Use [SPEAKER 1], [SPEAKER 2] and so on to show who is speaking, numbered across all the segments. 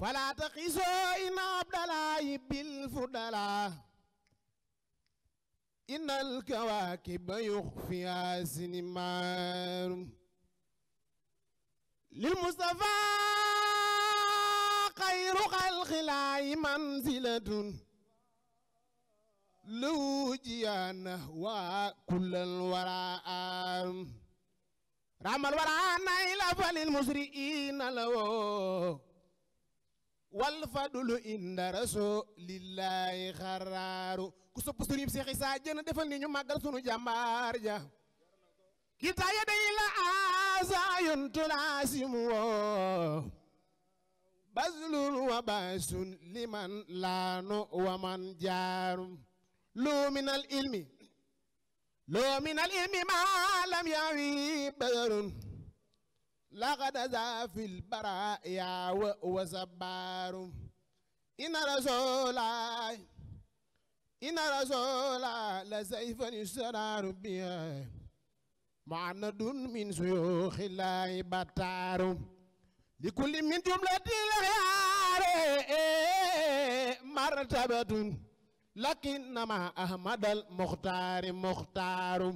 [SPEAKER 1] فلا
[SPEAKER 2] تقسوا إن عبد الله بالفضلا إن الكواكب يخفيها سنمار للمصطفى خير خلق الله منزلة لو جيانه وكل الوراء رحم الوراء نيل فللمسرئين لو wal fadlu inda rasulillahi xaraaru ku sopp sëriñ Seex Isaa Jeen defal ni ñu màggal sunu jàmbaar ja kita yaday la aasayun tulaasimu woo bazlun wa baasun liman laanu wa man jaarum loo minal ilmi loo minal ilmi ma lam yawi badarun لقد ذا في البرايا وزبار إن رسول إن رسول لسيف يسرار بها معند من شيوخ الله بتار لكل من جملة الخيار مرتبة لكنما أحمد المختار مختار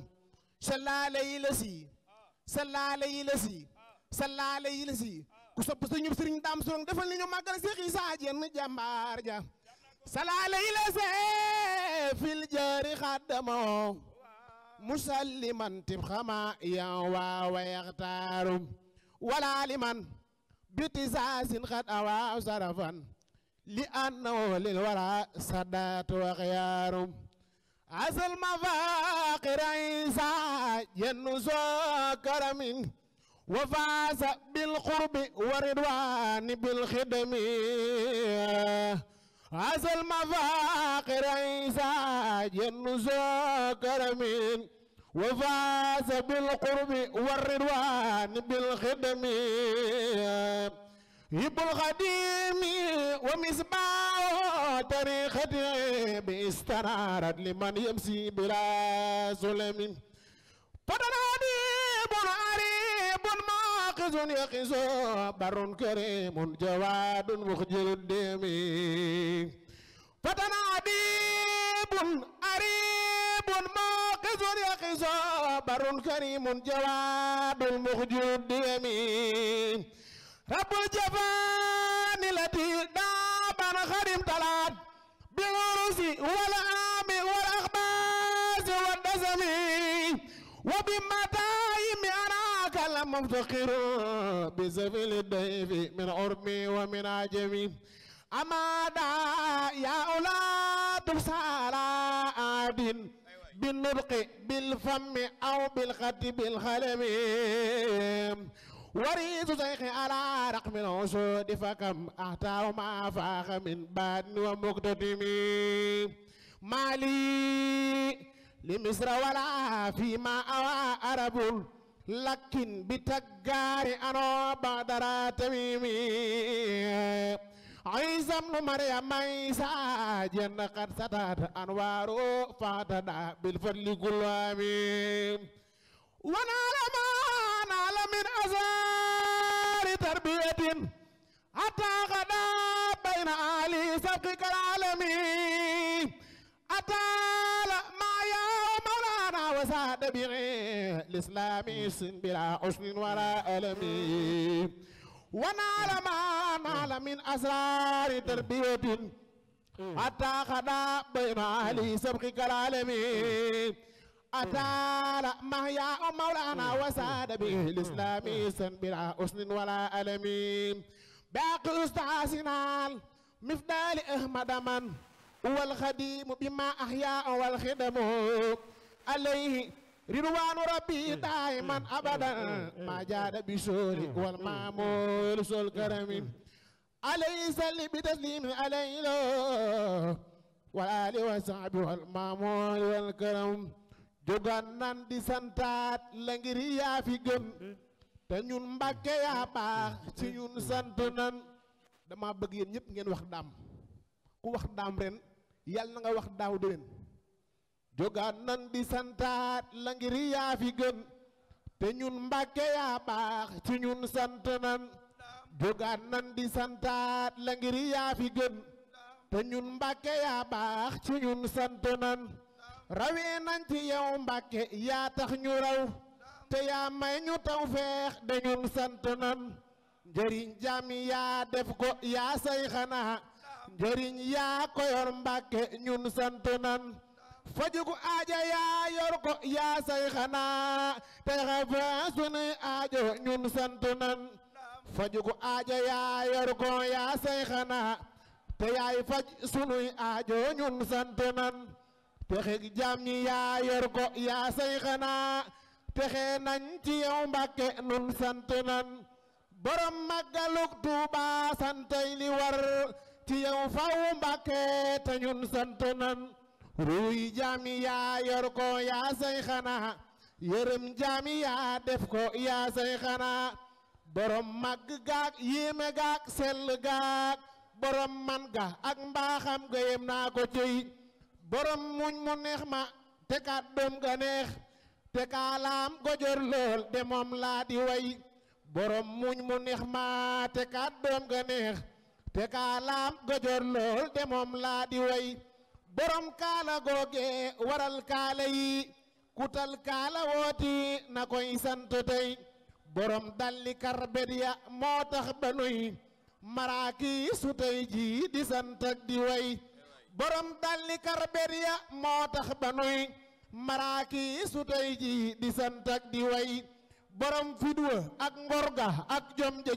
[SPEAKER 2] صلى عليه لسي صلى عليه لسي salla alayhi ku sopp suñu sëriñ daam ni ñu màggal Seex Isaa jenn jàmbaar ja salla alayhi fil jaari xaddamo musalliman tib xama yan waa wayaxtaarum wala biti saasin xat awaaw sarafan li annahu lil wara sadaatu waxyaarum asal ma faaqira Isaa jenn soo karamin wa faasa bil qurbi wa ridwaani bil xidmi asal mafaaqir isa jenn soo karamin wa faasa bil qurbi wa ridwaani bil xidmi hibbul xadimi wa misbaahu tariqati bi istanarat liman yamsi bila sulamin padanaadi bun ari ماخذ يقظ بر كريم جواد مخجل الدم فتنا ديب أريب ماخذ يقظ بر كريم جواد مخجل الدم رب الجفان التي دابا خرم تلات بالعرس والعام والأخباز والدسم وبمتائم أنا ذاك المفتقر بسفل الضيف من عربي ومن عجمي أما دا يا أولاد سارا آدين بالنبق بالفم أو بالخط بالخلم وريث شيخ على رقم العسود فكم أحتار ما فاخ من باد ومقتدم مالي لمصر ولا فيما أوى عرب لكن بتجاري أنا بدر تميمي عيسى ابن مريم عيسى جن قد سدت أنواره فاتنا بالفضل كلهم ونال ما نال من أزار تربية حتى غدا الإسلام سن بلا حسن ولا ألم ونعلم نعلم من أسرار تربية حتى خدا بين أهل سبقك العالمين أتى مهيا مولانا وساد به الإسلام سن بلا حسن ولا ألم باقي أستاذنا مفدال أحمد من هو الخديم بما أحيا والخدم عليه ridwaanu rabbi daayiman mm. abadan mm. Mm. ma jaada bi soori wal maamool sol karami alayhi salli bi taslimi alayhi loo wal aali wa saabi wal maamool wal karam jogan nan di santaat la ngir yaa fi gën te ñun mbàkke yaa baax ci ñun sant nan dama bëgg yéen ñëpp ngeen wax daam ku wax daam ren yàlla na nga wax daaw déwén jogaat nan di santaat la ngir yaa fi gën te ñun mbàkke yaa baax ci ñun sant nan jogaat nan di santaat la ngir yaa fi gën te ñun mbàkke yaa baax ci ñun sant nan rawee nañ ci yow mbàkke yaa tax ñu raw te yaa may ñu taw feex de ñun sant nan njëriñ jàmm yaa def ko yaa say xanaa njëriñ yaa ko yor ñun sant nan fajugu aaja yaa yor ko yaa say xanaa te xafa sunuy aajo ñun sant nan fajugu aaja yaa yor ko yaa say xanaa te yaay faj sunuy aajo ñun sant nan te xeg jaam ñi yaa yor ko xanaa te xee ci yow Mbàkke ñun sant nan borom màggalug Tuuba santay li war ci yow faw Mbàkke te sant nan ruuy jaami yaa yor ko yaa say xanaa yërëm jaami yaa def ko yaa say xanaa borom màgg gaag yéeme gaag sell gaag borom man ga ak mbaaxam ga yem naa ko ciy borom muñ mu neex ma te kàddoom ga neex te kaalaam gojor lool de laa di way borom muñ mu neex ma te kàddoom ga neex te kaalaam gojor lool de laa di way borom kaala googe waral kaala yi kutal kaala wooti na koy sant tey borom dalli karbet ya moo tax ba nuy maraaki su tey di sant ak di way borom dalli karbet ya moo tax ba nuy maraaki su tey di sant ak di way borom fidwa ak ngorga ak jom ja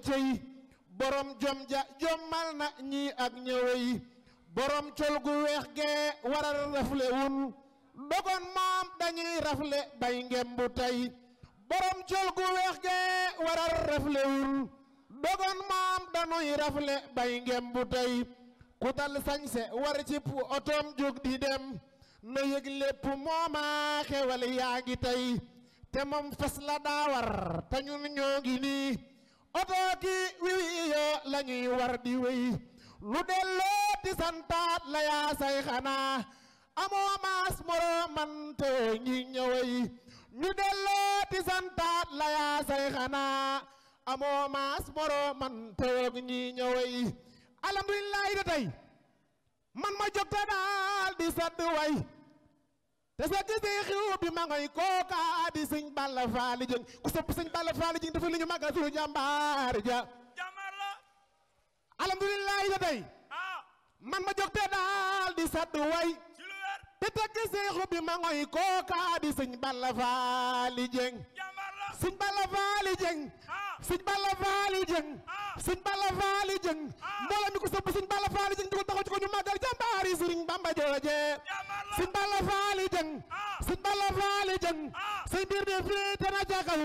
[SPEAKER 2] borom jom jommal na ñii ak ñëwey borom col gu weex gee waral rafle wun dogon moom dañuy rafle bay ngembu tey borom col gu weex gee waral rafle wun dogon moom dañuy rafle bay ngembu tey ku sañse war ci otoom jóg di dem na yëg lépp mooma xewal yaa ngi tey te moom fas la daawar te ñun ñoo ngi nii oto ki wiwi yo war di wéy lu delloo di santaat la yaa xanaa amoo maas moroomante ñi ñëwey ñu delloo di santaat la yaa xanaa amoo maas moroomante ñi ñëwey alhamdulillahi da tey man ma jóg te daal di sadd way te sa gisee xiw bi ma ngoy kookaa di sëñ Balla Faali Jëng ku sopp sëñ Balla Faali Jëng dafa li ñu màggal suñu jàmbaar ja jàmbaar la alhamdulillahi tey man ma jóg te daal di sadd way te tagg seexu bi ma ngoy kooka di sëñ Balla Faali Jeng sëñ Balla Faali Jeng sëñ Balla Faali Jeng sëñ mi ko sëpp sëñ Balla Faali Jeng di ko taxaw ci ko ñu màggal jàmbaari sëriñ Bamba jooje sëñ Balla Faali Jeng sëñ Balla Faali Jeng sëñ biir bi féete na ca kaw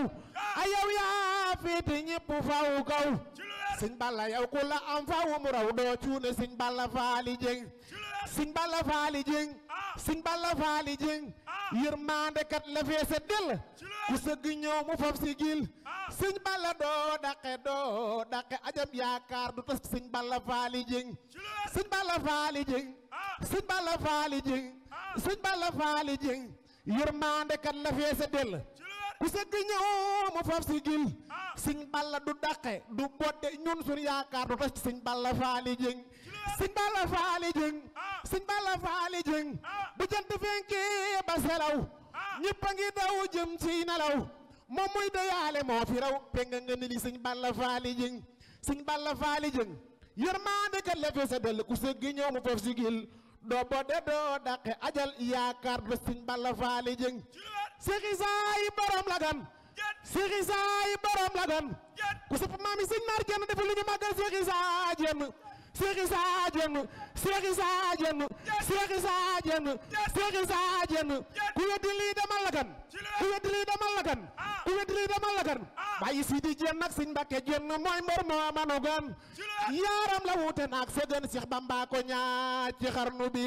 [SPEAKER 2] ay yow yaa faw kaw sëñ Balla yow ku la am fa wu mu raw doo cuune sëñ Balla Faali Jeng sëñ Balla Faali Jeng sëñ Balla kat la feese del ku sëgg ñëw mu fab si gil sëñ Balla doo daqe doo daqe ajab yaakaar du tas sëñ Balla Faali Jeng sëñ Balla Faali Jeng sëñ Balla Faali Jeng sëñ Balla kat la feese del ku sëgg ñëw mu si gil ah. siñ balla du daqe du bodde ñun suñ yaakaar du tas ci siñ balla faali jëng siñ balla faali ah. faali jëng ah. bu jant fenkee ba selaw ñëpp a ngi daw jëm ci nelaw moom muy dayaale moo fi raw penga nga ni li siñ balla faali jëng siñ balla faali jëng yërmaande ka lefe sa dell ku sëgg ñëw mu si gil doo bodde doo daqe ajal yaakaar du tas siñ balla faali jëng Cheikh Issa borom lagan Cheikh borom lagan ku sopp maam naar jenn defu lu ñu màggal Cheikh Issa jenn Cheikh Issa jenn Cheikh Issa ku weddi demal lagan ah. ku weddi demal lagan ku weddi demal lagan bàyyi si di jéen nag siñ Mbàkke jéen na mooy mbër a manu gan yaaram la wuute naag sëgën Cheikh Bamba ko ñaaj ci xarnu bi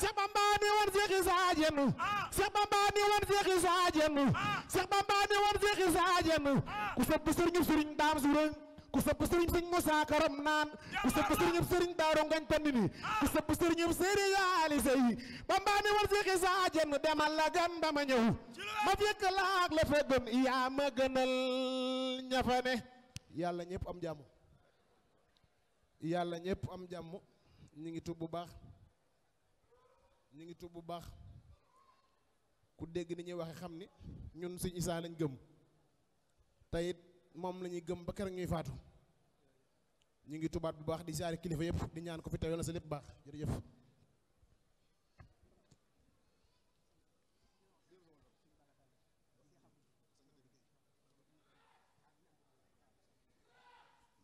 [SPEAKER 2] Cheikh Bamba ni woon Cheikh Issa Diène ah. Cheikh Bamba ni woon Cheikh Issa Diène ah. Cheikh Bamba ni woon Cheikh Issa Diène ah. ku sopp sëriñu sëriñ daam su rëñ ku sëpp sëriñ biñ Musaa naan ku sëpp sëriñam sëriñ Daaru Ngañ Tandini ku sëpp sëriñam sëriñ Yaali Sey ba mbaani war seexi saa jenn demal la gan dama ñëw ma fekk la ak la fa gën yaa ma gënal ñafane yàlla ñëpp am jàmm yàlla ñëpp am jàmm ñu ngi tub bu baax ñu ngi tub bu baax ku dégg ni ñuy waxe xam ni ñun Sëñ Isaa lañ gëm teyit moom la ñuy gëm ba keroog ñuy faatu ñu ngi tubaat bu baax di siyaare kilifa yëpp di ñaan ko fi teew na sa lépp baax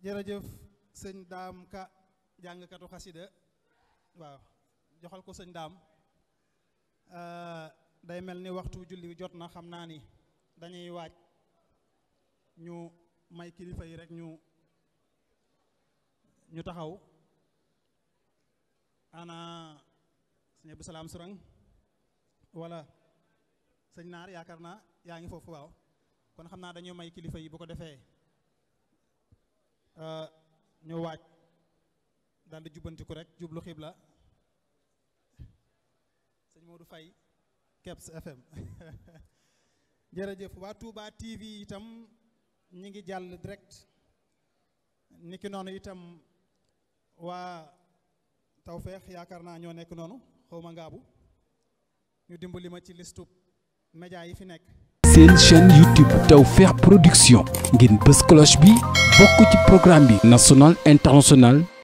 [SPEAKER 1] jërëjëf sëñ daam ka jàngkatu xasida waaw joxal ko sëñ daam euh, day mel ni waxtu julli jot na xam naa ni dañuy waaj ñu may kilifa yi rek ñu ñu taxaw ana sëñ Abdou Salaam Sourang wala sëñ Naar yaakaar naa yaa ngi foofu waaw kon xam naa dañoo may kilifa yi boo ko defee euh, ñu waaj daal jubbantiku rek jublu xibla sëñ Modou Faye Kebs FM jërëjëf waa Touba TV itam ñi ngi jàll direct niki noonu itam waa Tawfekh yaakaar naa ñoo nekk noonu xawma ngaabu ñu dimbali ma ci listub
[SPEAKER 2] média yi fi nekk seen chaîne YouTube Tawfekh Production ngeen bës cloche bi bokk ci programme bi national international